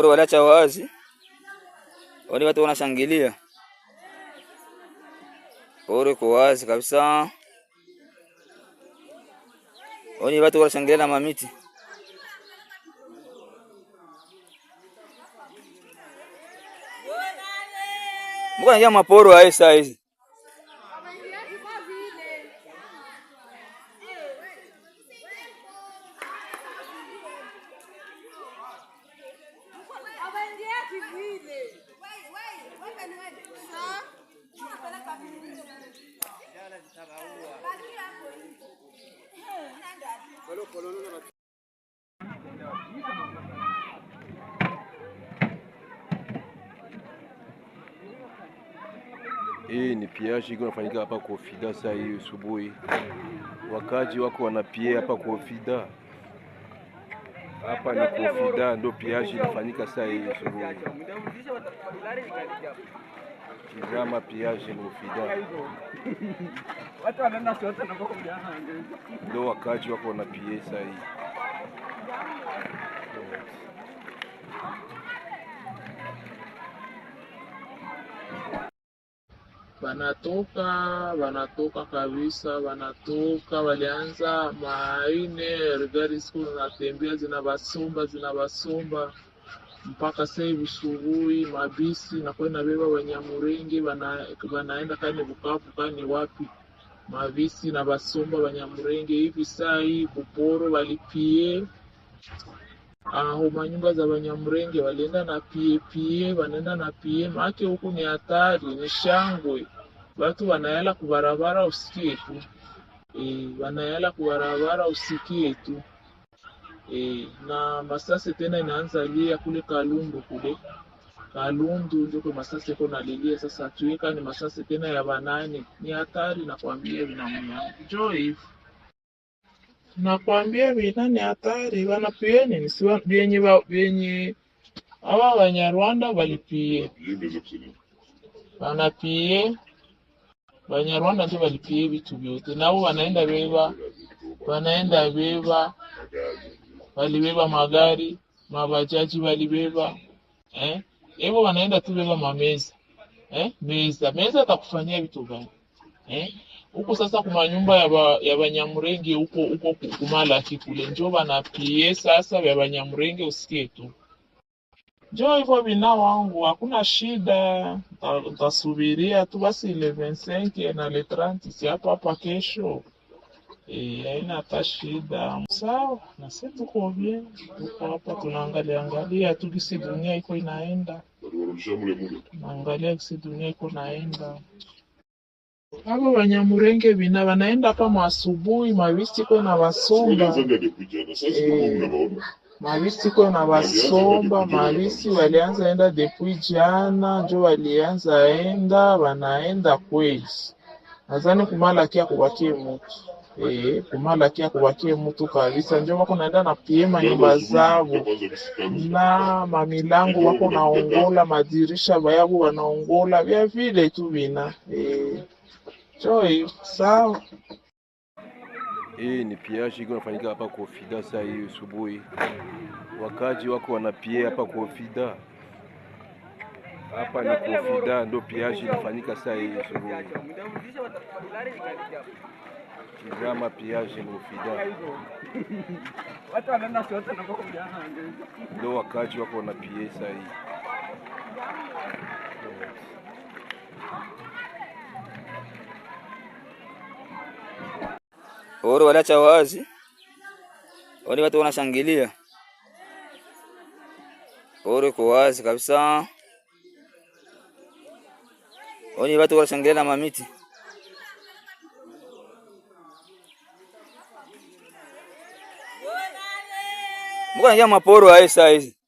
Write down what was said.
Shauri waliacha wazi, wale watu wanashangilia. Shauri kwa wazi kabisa, wale watu wanashangilia na mamiti Mbona naingia maporo hai saa hizi Hii eh, ni piashi iko nafanyika hapa Kofida saa hii asubuhi, wakaji wako wanapie hapa Kofida. Hapa ni Kofida, ndio piashi inafanyika saa hii asubuhi. Tizama Piage Lufida. Ndo wakaji wako na pie saa hii. Wanatoka wanatoka kabisa, wanatoka walianza maine, rigari siku zinatembea zinawasomba zinawasomba mpaka sei visuhui mabisi nakuwa inabeba wanaenda bana, kani Bukavu kani wapi mabisi na basomba Banyamurenge hivi saa hii Buporo walipie aho manyumba za Banyamurenge walienda na pie pie, wanaenda na pie make huku ni hatari, ni shangwe, watu wanayala kubarabara usikie tu e, wanayala kubarabara usikie tu e, na masase tena inaanza lia kule Kalundu kule Kalundu ndiko masase ko nalilia sasa, tuika ni masase tena ya banani, ni hatari nakwambia, vinamuya jo nakwambia vina ni hatari bana, pieni nisiwa vyenye vyenye awa Banyarwanda balipie banapie Banyarwanda ndio balipie vitu vyote, nao wanaenda beba wanaenda beba walibeba magari, mabajaji walibeba eh? Hivyo wanaenda tu beba mameza eh? Meza meza atakufanyia vitu gani eh? Huko sasa kuma nyumba ya ba, ya Banyamurenge huko huko kumala kikule njo bana pie sasa ya Banyamurenge usikie tu njo hivyo bina wangu, hakuna shida, utasubiria tu basi le 25 na le 30 si hapa hapa kesho haina hata shida sawa. Na si tuko bien, tuko hapa tunaangalia angalia tu kisi dunia iko inaenda, tunaangalia kisi dunia iko naenda. Abo Banyamurenge bina banaenda pa mwasubuhi, mavisi iko na basomba e, eh, mavisi na basomba, mavisi walianza enda depuis jana, njo walianza enda, wanaenda kweli. Nadhani kumala kia kubakie mutu E, kumalakia kubakie mtu kabisa njo wako naenda na piema nyumba zabo na mamilango wako naongola madirisha bayabo wanaongola vya vile tu vina e, choi sawa. Hii e, ni piashi iko nafanyika hapa Kofida saa hii asubuhi, wakaji wako wanapie hapa Kofida hapa ni Kofida ndo piage inafanyika saa hii asubuhi. Tizama piaji Kofida ndo wakaji wako na pie saa hii. Oro walacha wazi oni watu wanashangilia, oro iko wazi kabisa. Oni watu washangilia na mamiti. Mbona jamaa maporo aisa hizi?